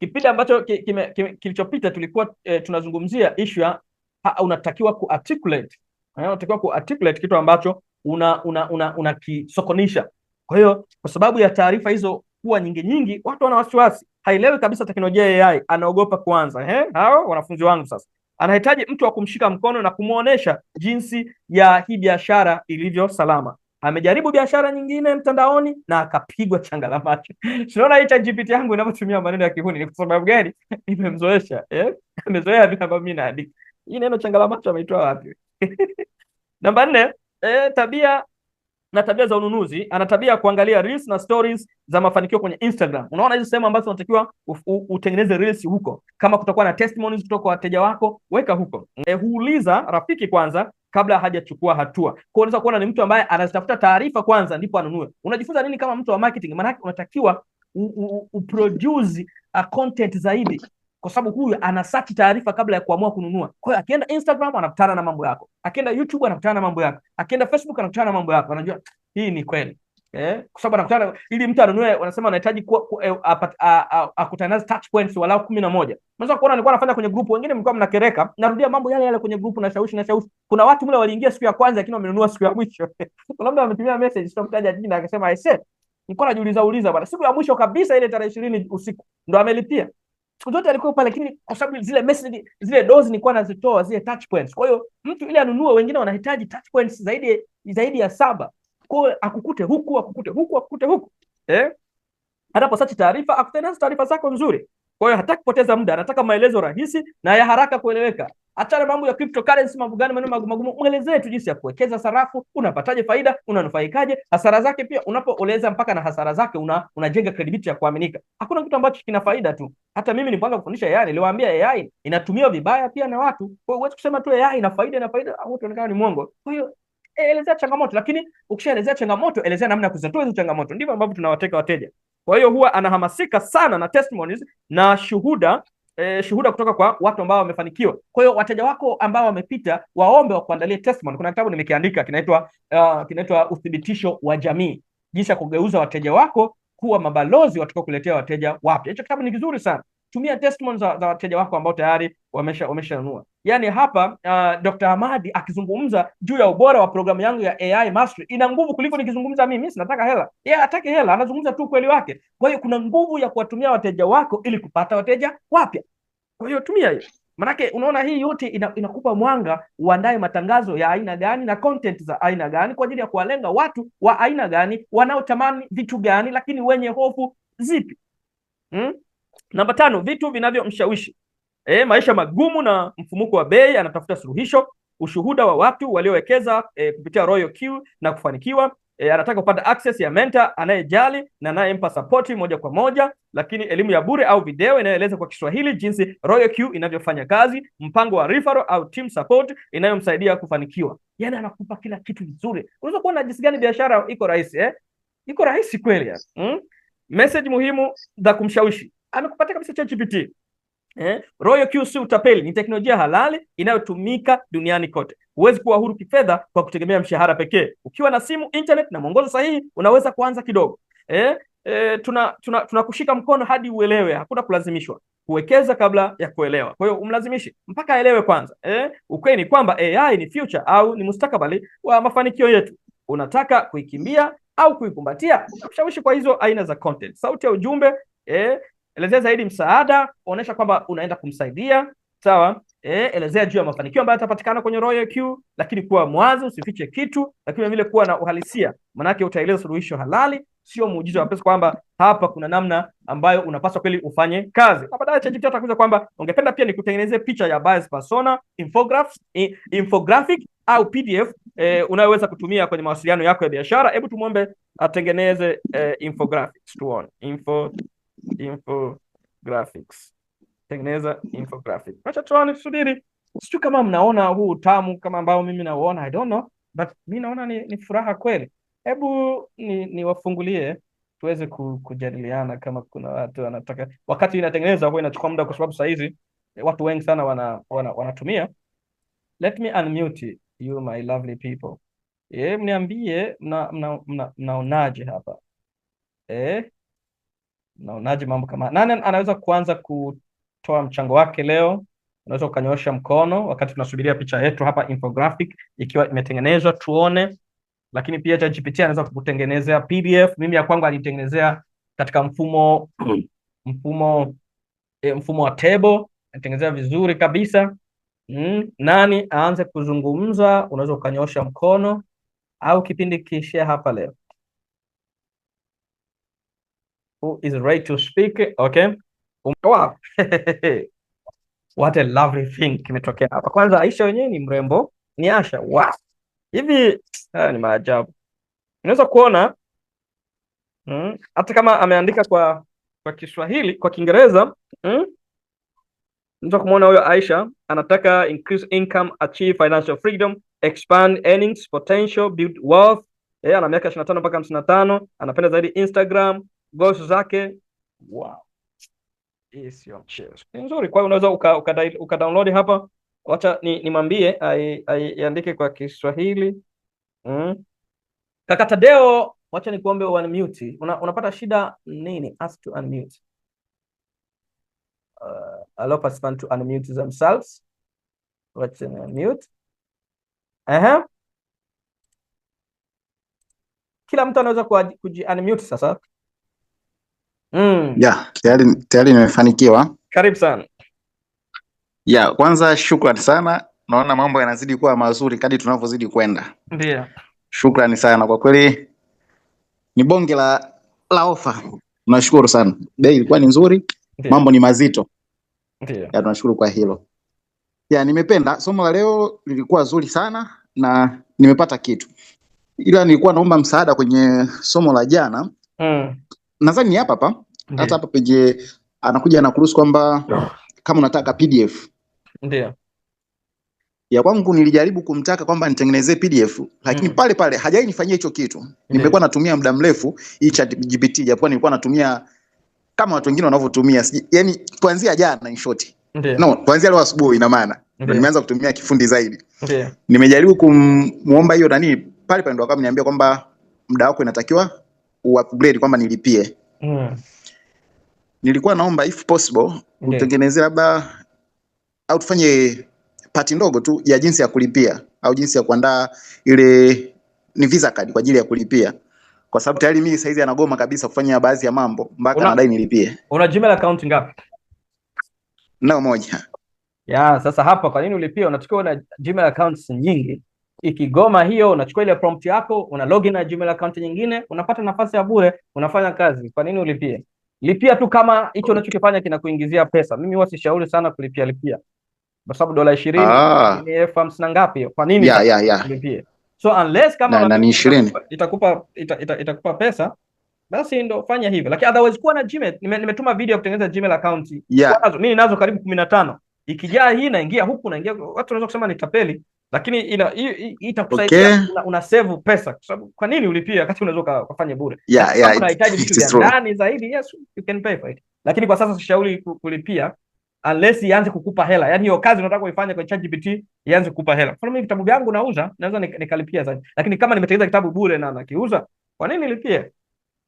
Kipindi ambacho kilichopita tulikuwa e, tunazungumzia issue ya unatakiwa eh, unatakiwa articulate kitu ambacho unakisokonisha una, una, una. Kwa hiyo kwa sababu ya taarifa hizo kuwa nyingi nyingi, watu wana wasiwasi, haielewi kabisa teknolojia ya AI, anaogopa kwanza Ehe, hao wanafunzi wangu sasa anahitaji mtu wa kumshika mkono na kumwonyesha jinsi ya hii biashara ilivyo salama amejaribu biashara nyingine mtandaoni na akapigwa changa la macho. Tunaona hii ChatGPT yangu inapotumia maneno ya kihuni ni kwa sababu gani? Imemzoesha eh, amezoea vile ambavyo mimi naandika hii neno changa la macho ameitoa wapi? Namba nne, eh, tabia na tabia za ununuzi. Ana tabia ya kuangalia reels na stories za mafanikio kwenye Instagram. Unaona hizo sehemu ambazo unatakiwa utengeneze reels huko. Kama kutakuwa na testimonies kutoka kwa wateja wako, weka huko. Eh, huuliza rafiki kwanza kabla hajachukua hatua. Kwa unaweza kuona ni mtu ambaye anazitafuta taarifa kwanza ndipo anunue. Unajifunza nini kama mtu wa marketing? Maana unatakiwa uproduce content zaidi kwa sababu huyu ana search taarifa kabla ya kuamua kununua. Kwa hiyo akienda Instagram anakutana na mambo yako, akienda YouTube anakutana na mambo yako, akienda Facebook anakutana na mambo yako, anajua hii ni kweli eh, kwa sababu anakutana ili mtu anunue, wanasema anahitaji eh, akutane nazo touch points walau kumi na moja. Unaweza kuona nilikuwa nafanya kwenye grupu, wengine mlikuwa mnakereka, narudia mambo yale yale kwenye grupu, na shawishi na shawishi. Kuna watu mle waliingia siku ya kwanza, lakini wamenunua siku ya mwisho. Labda wametumia message, sio mtaja jina, akasema I said, nilikuwa najiuliza uliza bwana, siku ya mwisho kabisa ile tarehe ishirini usiku ndo amelipia. Siku zote alikuwa pale, lakini kwa sababu zile message zile dozi nilikuwa nazitoa zile touch points, kwa hiyo mtu ile anunue, wengine wanahitaji touch points zaidi zaidi ya saba kwa akukute huku akukute huku akukute huku eh, anapo search taarifa akutane taarifa zako nzuri. Kwa hiyo hataki kupoteza muda, anataka maelezo rahisi na ya haraka kueleweka. Achana mambo ya cryptocurrency, mambo gani, maneno magumu magumu, mwelezee tu jinsi ya kuwekeza sarafu, unapataje faida, unanufaikaje, hasara zake pia. Unapoeleza mpaka na hasara zake, una unajenga credibility ya kuaminika. Hakuna kitu ambacho kina faida tu. Hata mimi nilipanga kufundisha AI, niliwaambia AI inatumiwa vibaya pia na watu. Kwa hiyo huwezi kusema tu AI ina faida na faida, au wanaonekana ni mwongo. Kwa hiyo elezea changamoto, lakini ukishaelezea changamoto, elezea namna ya kuzitoa hizo changamoto. Ndivyo ambavyo tunawateka wateja. Kwa hiyo huwa anahamasika sana na testimonies na shuhuda eh, shuhuda kutoka kwa watu ambao wamefanikiwa. Kwa hiyo wateja wako ambao wamepita, waombe wakuandalie testimony. Kuna kitabu nimekiandika kinaitwa uh, kinaitwa uthibitisho wa jamii, jinsi ya kugeuza wateja wako kuwa mabalozi watakaokuletea wateja wapya. Hicho kitabu ni kizuri sana tumia testimony za wateja wako ambao tayari wamesha wameshanunua. Yaani hapa uh, ah, Dr. Hamadi akizungumza juu ya ubora wa programu yangu ya AI Mastery ina nguvu kuliko nikizungumza mimi. Sinataka hela yeye, yeah, atake hela, anazungumza tu ukweli wake. Kwa hiyo kuna nguvu ya kuwatumia wateja wako ili kupata wateja wapya. Kwa hiyo tumia hiyo Manake unaona hii yote ina, inakupa mwanga uandae matangazo ya aina gani na content za aina gani kwa ajili ya kuwalenga watu wa aina gani wanaotamani vitu gani, lakini wenye hofu zipi? hmm? Namba tano, vitu vinavyomshawishi e, maisha magumu na mfumuko wa bei, anatafuta suluhisho. Ushuhuda wa watu waliowekeza e, kupitia Royal Q na kufanikiwa. E, anataka kupata access ya mentor anayejali na anayempa support moja kwa moja, lakini elimu ya bure au video inayoeleza kwa Kiswahili jinsi Royal Q inavyofanya kazi, mpango wa referral au team support inayomsaidia kufanikiwa. Yani anakupa kila kitu vizuri. Unaweza kuona jinsi gani biashara iko rahisi eh? Iko rahisi kweli ya. Mm? Message muhimu za kumshawishi amekupatia kabisa ChatGPT. Eh, Royal QC utapeli, ni teknolojia halali inayotumika duniani kote. Huwezi kuwa huru kifedha kwa kutegemea mshahara pekee. Ukiwa na simu, internet na mwongozo sahihi, unaweza kuanza kidogo. Eh, eh, tuna tunakushika tuna mkono hadi uelewe, hakuna kulazimishwa. Kuwekeza kabla ya kuelewa. Kwa hiyo umlazimishi mpaka aelewe kwanza. Eh, ukweli ni kwamba AI ni future au ni mustakabali wa mafanikio yetu. Unataka kuikimbia au kuikumbatia? Ushawishi kwa hizo aina za content, sauti ya ujumbe eh, Elezea zaidi msaada, onyesha kwamba unaenda kumsaidia, sawa? E, elezea juu ya mafanikio ambayo yatapatikana kwenye Royal Q, lakini kuwa mwazi, usifiche kitu, lakini vile kuwa na uhalisia, manake utaeleza suluhisho halali, sio muujiza wa pesa, kwamba hapa kuna namna ambayo unapaswa kweli ufanye kazi. Na baadaye ChatGPT atakuuliza kwamba ungependa pia nikutengenezee picha ya buyer's persona, infographs infographic au PDF e, unayoweza kutumia kwenye mawasiliano yako ya biashara. Hebu tumwombe atengeneze e, infographics tuone info infographics. Tengeneza infographic. Acha tuone tusubiri. Sio kama mnaona huu utamu kama ambao mimi nauona, I don't know, but mi naona ni, ni furaha kweli. Hebu niwafungulie ni tuweze kujadiliana kama kuna watu wanataka. Wakati inatengeneza huwa inachukua muda, kwa sababu saizi watu wengi sana wana, wana, wanatumia. Let me unmute you my lovely people. Eh, mniambie mnaonaje mna, mna hapa Eh, Naonaje mambo kama nani anaweza kuanza kutoa mchango wake leo? Unaweza ukanyoosha mkono wakati tunasubiria picha yetu hapa infographic ikiwa imetengenezwa tuone, lakini pia ChatGPT anaweza kukutengenezea PDF. Mimi ya kwangu alitengenezea katika mfumo mfumo e, mfumo wa table, alitengenezea vizuri kabisa. Mm, nani aanze kuzungumza? Unaweza ukanyoosha mkono au kipindi kiishia hapa leo who is ready to speak. Okay, wow. What a lovely thing kimetokea hapa. Kwanza Aisha wenyewe ni mrembo, ni Asha. Wow. Hivi haya ni maajabu. Unaweza kuona hmm, hata kama ameandika kwa kwa Kiswahili, kwa Kiingereza hmm, unaweza kumwona huyo Aisha anataka increase income, achieve financial freedom, expand earnings potential, build wealth. Yeye ana miaka 25 mpaka 55, anapenda zaidi Instagram, goals zake wow. Hii sio mchezo. Ni nzuri, kwa hiyo unaweza ukadownload uka, hapa. Wacha nimwambie ni aiandike kwa Kiswahili mm. Kaka Tadeo, wacha nikuombe unmute. Una, unapata shida nini? Ask to unmute. Uh, allow participant to unmute themselves. Wacha ni unmute. Aha. Kila mtu anaweza kuji unmute sasa. Mm. Yeah, tayari tayari nimefanikiwa. Karibu sana. Yeah, kwanza shukrani sana. Naona mambo yanazidi kuwa mazuri kadi tunavyozidi kwenda. Ndio. Shukrani sana kwa kweli. Ni bonge la la ofa. Tunashukuru sana. Bei ilikuwa ni nzuri. Ndiyo. Mambo ni mazito. Ndio. Ya tunashukuru kwa hilo. Ya nimependa somo la leo lilikuwa zuri sana na nimepata kitu. Ila nilikuwa naomba msaada kwenye somo la jana. Mm nadhani hapa hapa hata hapa penye anakuja anakuruhusu kwamba kama unataka PDF. Ndio. Ya kwangu nilijaribu kumtaka kwamba nitengenezee PDF lakini mm. pale pale hajai nifanyia hicho kitu. Nimekuwa natumia muda mrefu hii chat GPT, japo nilikuwa natumia kama watu wengine wanavyotumia. Yaani kuanzia jana in short. No, kuanzia leo asubuhi ina maana. Nimeanza kutumia kifundi zaidi. Ndio. Nimejaribu kumuomba hiyo nani pale pale ndo akaniambia kwamba muda wako inatakiwa uupgrade kwamba nilipie mm. Nilikuwa naomba if possible utengenezee labda au tufanye pati ndogo tu ya jinsi ya kulipia au jinsi ya kuandaa ile ni visa card kwa ajili ya kulipia, kwa sababu tayari mimi saizi anagoma kabisa kufanya baadhi ya mambo mpaka nadai nilipie. Una Gmail account ngapi? Nao moja. Ya, sasa hapa kwa nini ulipia? Unatakiwa una Gmail accounts nyingi ikigoma hiyo, unachukua ile prompt yako, una login na Gmail account nyingine, unapata nafasi ya bure, unafanya kazi. Kwa nini ulipie? Lipia tu kama hicho unachokifanya kinakuingizia pesa. Mimi huwa sishauri sana kulipia lipia, kwa sababu dola ishirini ah. ni elfu hamsini na ngapi? Kwa nini yeah, yeah, yeah. Lipie so unless kama na, na itakupa, ita, ita, itakupa pesa basi ndo fanya hivyo, lakini otherwise kuwa na Gmail. Nime, nimetuma video ya kutengeneza Gmail account yeah. Nazo Mimi ninazo karibu kumi na tano ikijaa hii naingia huku naingia, watu wanaweza kusema ni tapeli, lakini ina itakusaidia okay. Una, una save pesa kwa sababu, kwa nini ulipia wakati unaweza ukafanya bure? unahitaji vitu vya ndani zaidi. Yes, you can pay for it, lakini kwa sasa sishauri kulipia unless ianze kukupa hela, yani hiyo kazi unataka kuifanya kwa ChatGPT ianze kukupa hela. Kwa mimi vitabu vyangu nauza, naweza nikalipia zaidi, lakini kama nimetengeneza kitabu bure na nakiuza, kwa nini nilipie?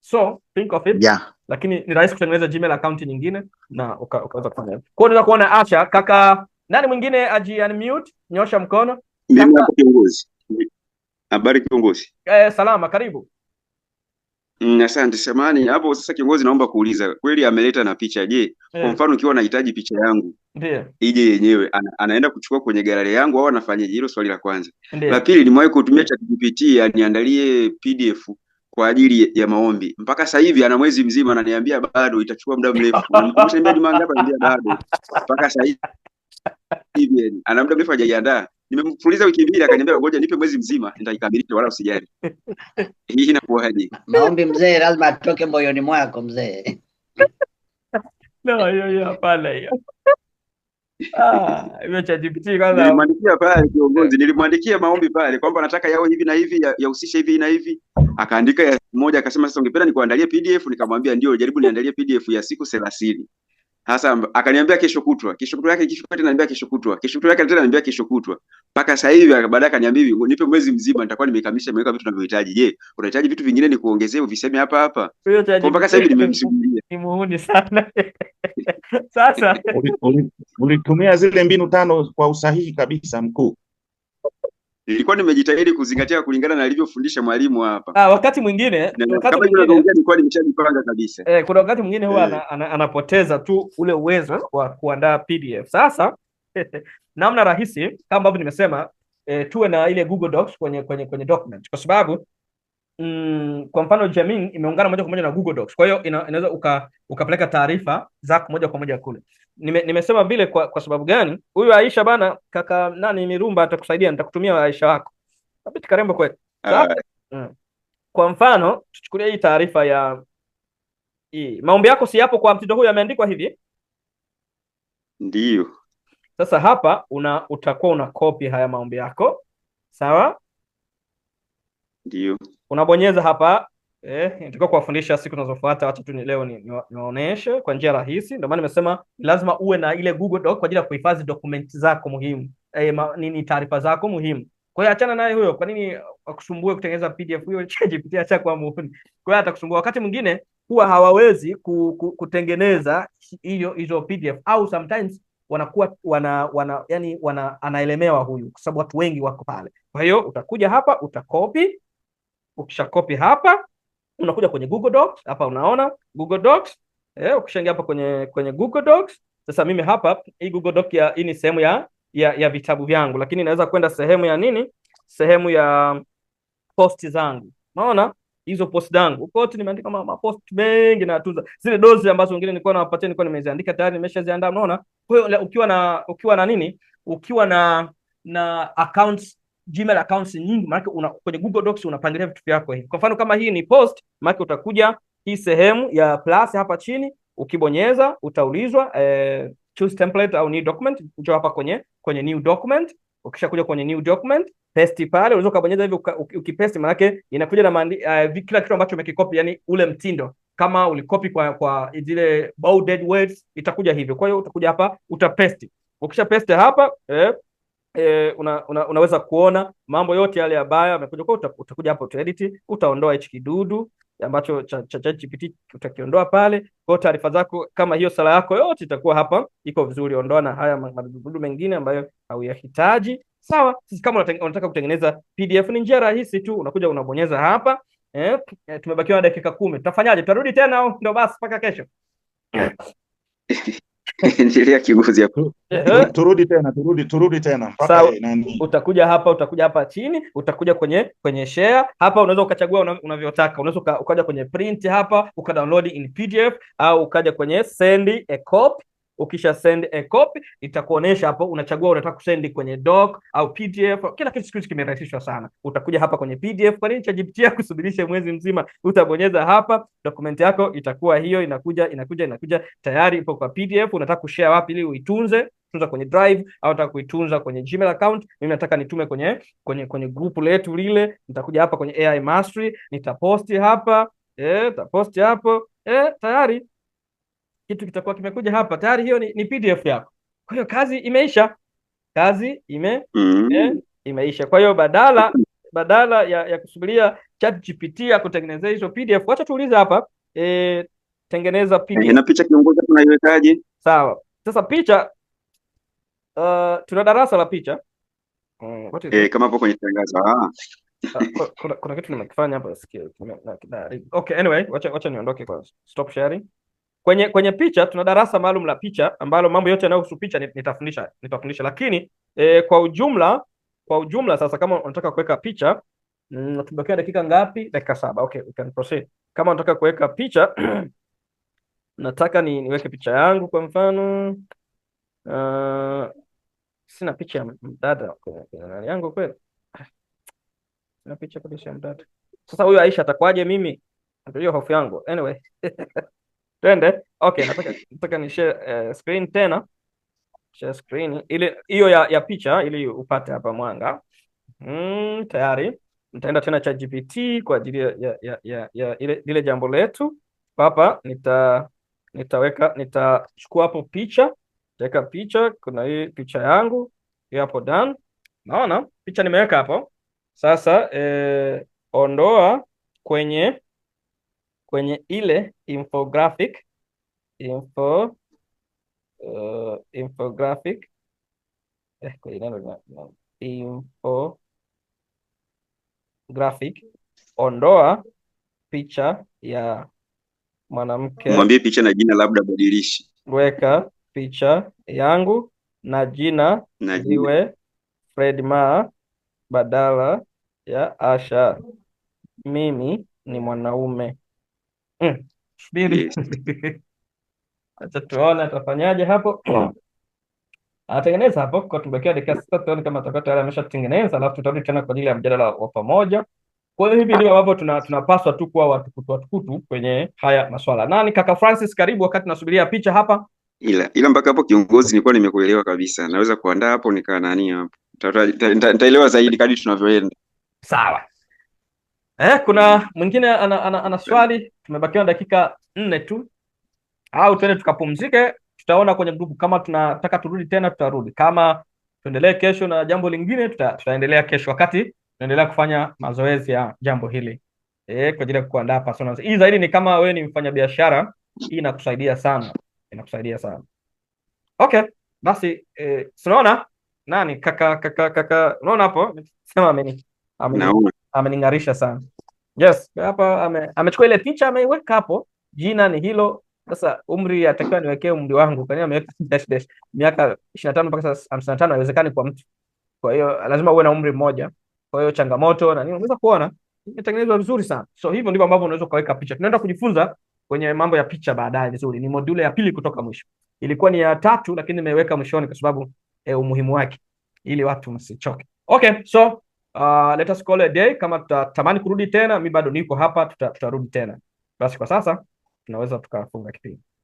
So think of it yeah. Lakini ni rahisi kutengeneza Gmail account nyingine na ukaweza kufanya Kwa hiyo unaweza kuona acha kaka nani mwingine aji unmute, nyosha mkono mimi hapo kiongozi. Habari kiongozi. Eh, salama, karibu. Mm, asante samani. Hapo sasa kiongozi, naomba kuuliza kweli ameleta na picha. Je, Yeah. kwa eh. mfano ukiwa anahitaji picha yangu yeah, ije yenyewe ana, anaenda kuchukua kwenye gallery yangu au anafanyaje? Hilo swali la kwanza. Yeah. La pili, nimewahi kutumia ChatGPT aniandalie PDF kwa ajili ya maombi. Mpaka sasa hivi ana mwezi mzima ananiambia bado itachukua muda mrefu. Nimekushambia juma ngapi, ananiambia bado. Mpaka sasa hivi ana muda mrefu hajajiandaa nimemfuliza wiki mbili, akaniambia ngoja nipe mwezi mzima nitaikamilisha, wala usijali. Hii inakuwaje? Maombi mzee, lazima atoke moyoni mwako mzee. No, hiyo hiyo hapana hiyo. Ah, hiyo kwanza. Nilimwandikia pale kiongozi, nilimwandikia maombi pale kwamba nataka yao hivi na hivi, yahusishe ya hivi na hivi. Akaandika ya moja akasema sasa ungependa nikuandalie PDF, nikamwambia ndio, jaribu niandalie PDF ya siku 30. Hasa akaniambia kesho kutwa, kesho kutwa yake, kesho kutwa ananiambia kesho kutwa, kesho kutwa yake tena ananiambia kesho kutwa. Mpaka sasa hivi baadaye akaniambia nipe mwezi mzima nitakuwa nimekamilisha nimeweka vitu ninavyohitaji. Je, unahitaji vitu vingine ni kuongezea uviseme hapa hapa? Kwa mpaka sasa hivi nimemsimulia. Ni muhuni sana. Sasa ulitumia zile mbinu tano kwa usahihi kabisa mkuu nilikuwa nimejitahidi kuzingatia kulingana na alivyofundisha mwalimu hapa. Ah, wakati mwingine nilikuwa nimeshajipanga kabisa. Eh, kuna wakati mwingine huwa eh, ana, anapoteza tu ule uwezo wa kuandaa PDF. Sasa namna rahisi kama ambavyo nimesema eh, tuwe na ile Google Docs kwenye kwenye kwenye document kwa sababu mm, kwa mfano Gemini imeungana moja kwa moja na Google Docs. Kwa hiyo inaweza uka, ukapeleka taarifa zako moja kwa moja kule nime, nimesema vile kwa, kwa sababu gani? Huyu Aisha bana, kaka nani Mirumba atakusaidia, nitakutumia Aisha wako Thabiti Karembo kweli. Mm. Kwa mfano tuchukulia hii taarifa ya hii maombi yako si yapo kwa mtindo huyu, ameandikwa hivi ndiyo. Sasa hapa una utakuwa una copy haya maombi yako, sawa? Ndiyo, unabonyeza hapa eh, nitakuwa kuwafundisha siku zinazofuata. Wacha tu leo niwaoneshe ni, ni kwa njia rahisi. Ndio maana nimesema lazima uwe na ile Google Doc kwa ajili ya kuhifadhi dokumenti zako muhimu eh, ma, nini taarifa zako muhimu. Kwa hiyo achana naye huyo, kwa nini akusumbue kutengeneza PDF hiyo? ChatGPT acha kwa muhuni, kwa hiyo atakusumbua. Wakati mwingine huwa hawawezi ku, ku, kutengeneza hiyo hizo PDF au sometimes wanakuwa wana wana yani wana anaelemewa huyu, kwa sababu watu wengi wako pale. Kwa hiyo utakuja hapa utakopi, ukishakopi hapa unakuja kwenye Google Docs hapa, unaona Google Docs eh, ukishangia hapa kwenye kwenye Google Docs. Sasa mimi hapa hii Google Doc ya hii ni sehemu ya, ya ya vitabu vyangu, lakini naweza kwenda sehemu ya nini, sehemu ya um, post zangu, unaona hizo post zangu huko kote nimeandika ma post mengi na tunza zile dozi ambazo wengine nilikuwa nawapatia, nilikuwa nimeziandika tayari, nimeshaziandaa. Unaona, kwa hiyo ukiwa na ukiwa na nini, ukiwa na na accounts Gmail accounts nyingi, maana una kwenye Google Docs unapangilia vitu vyako hivi. Kwa mfano kama hii ni post, maana utakuja hii sehemu ya plus hapa chini, ukibonyeza utaulizwa eh, choose template au new document. Njoo hapa kwenye kwenye new document. Ukishakuja kwenye new document paste pale, unaweza ukabonyeza hivi ukipaste, maana inakuja na mandi, uh, kila kitu ambacho umekikopi, yani ule mtindo kama ulikopi kwa kwa zile bolded words itakuja hivyo. Kwa hiyo utakuja hapa utapaste, ukisha paste hapa eh, E, una, una, unaweza kuona mambo yote yale yabaya yamekuja kwa, utakuja hapo utaedit, utaondoa hichi kidudu ambacho cha GPT utakiondoa pale. Kwa taarifa zako kama hiyo, sala yako yote itakuwa hapa iko vizuri, ondoa na haya madudu mengine ambayo hauyahitaji. Sawa, sisi kama unataka kutengeneza PDF ni njia rahisi tu, unakuja unabonyeza hapa. Eh, tumebakiwa na dakika kumi, tutafanyaje? Tutarudi tena au ndio basi mpaka kesho? endelea kiguzi hapo. Eh, eh? Turudi tena, turudi, turudi tena mpaka eh, nani. Utakuja hapa, utakuja hapa chini, utakuja kwenye kwenye share. Hapa unaweza ukachagua unavyotaka. Unaweza ukaja kwenye print hapa, uka download in PDF au ukaja kwenye send a copy Ukisha send a copy itakuonesha hapo, unachagua unataka kusend kwenye doc au PDF. Kila kitu siku hizi kimerahisishwa sana. Utakuja hapa kwenye PDF. Kwa nini ChatGPT akusubirishe mwezi mzima? Utabonyeza hapa, dokumenti yako itakuwa hiyo, inakuja inakuja inakuja, tayari ipo kwa PDF. Unataka kushare wapi ili uitunze tunza kwenye drive au nataka kuitunza kwenye Gmail account. Mimi nataka nitume kwenye kwenye kwenye grupu letu lile. Nitakuja hapa kwenye AI Mastery, nitaposti hapa eh, taposti hapo eh, tayari kitu kitakuwa kimekuja hapa tayari, hiyo ni, ni PDF yako. Kwa hiyo kazi imeisha, kazi ime, ime mm-hmm. eh, imeisha. Kwa hiyo badala badala ya, ya kusubiria ChatGPT ya kutengenezea hizo PDF, wacha tuulize hapa e, tengeneza PDF. Hey, eh, na picha kiongozi tunaiwekaje? Sawa, sasa picha uh, tuna darasa la picha mm, eh, kama hapo kwenye tangazo ah, ah kuna, kuna kitu nimekifanya hapa sikia. Okay, anyway, wacha wacha niondoke kwa stop sharing. Kwenye kwenye picha tuna darasa maalum la picha ambalo mambo yote yanayohusu picha nitafundisha nitafundisha, lakini e, kwa ujumla kwa ujumla sasa, kama unataka kuweka picha mm, tumebakia dakika ngapi? Dakika saba. Okay, we can proceed. Kama unataka kuweka picha nataka ni, niweke picha yangu kwa mfano uh, sina picha ya mdada yangu kweli, sina picha kabisa ya mdada. Sasa huyu Aisha atakwaje? Mimi ndio hofu yangu anyway Twende. Okay, nataka nataka ni share uh, eh, screen tena. Share screen ile hiyo ya, ya picha ili upate hapa mwanga. Mm, tayari. Nitaenda tena ChatGPT kwa ajili ya ya ya, ya ile lile jambo letu. Hapa nita nitaweka nitachukua hapo picha. Nitaweka picha, kuna hii picha yangu. Hiyo hapo done. Naona picha nimeweka hapo. Sasa eh, ondoa kwenye kwenye ile infographic info, uh, infographic eh, graphic ondoa picha ya mwanamke, mwambie picha na jina, labda badilishi, weka picha yangu na jina iwe Fred Ma badala ya Asha. Mimi ni mwanaume. Mm. Subiri. Acha tuone atafanyaje hapo. Anatengeneza hapo kwa tumebakia dakika sita, tuone kama atakuwa tayari ameshatengeneza, alafu tutarudi tena kwa ajili ya mjadala wa pamoja. Kwa hiyo hivi ndivyo ambavyo tuna, tu kuwa watukutu watukutu kwenye haya maswala. Nani kaka Francis, karibu wakati tunasubiria picha hapa. Ila ila mpaka hapo kiongozi, nilikuwa nimekuelewa kabisa, naweza kuandaa hapo nikaa nani hapo, nitaelewa zaidi kadri tunavyoenda. Sawa. Eh, kuna mwingine ana, ana, ana swali. Tumebakiwa dakika nne tu, au tuende tukapumzike? Tutaona kwenye grupu kama tunataka turudi tena, tutarudi. Kama tuendelee kesho na jambo lingine, tuta, tutaendelea kesho, wakati tunaendelea kufanya mazoezi ya jambo hili eh, kwa ajili ya kuandaa personal. Hii zaidi ni kama wewe ni mfanyabiashara, hii inakusaidia sana, inakusaidia sana. Okay, basi eh, tunaona nani kaka kaka kaka, unaona hapo sema ameni ameni ameningarisha sana. Yes, hapa ame, amechukua ile picha ameiweka hapo, jina ni hilo. Sasa umri atakiwa niwekee umri wangu, kwani ameweka dash dash miaka 25 mpaka sasa 55, haiwezekani kwa mtu. Kwa hiyo lazima uwe na umri mmoja. Kwa hiyo changamoto na nini, unaweza kuona imetengenezwa vizuri sana. So hivyo ndivyo ambavyo unaweza kuweka picha. Tunaenda kujifunza kwenye mambo ya picha baadaye vizuri. Ni module ya pili kutoka mwisho, ilikuwa ni ya tatu, lakini nimeiweka mwishoni kwa sababu eh, umuhimu wake ili watu msichoke. Okay, so uh, let us call a day. Kama tutatamani kurudi tena, mi bado niko hapa, tutarudi tuta tena. Basi kwa sasa tunaweza tukafunga kipindi.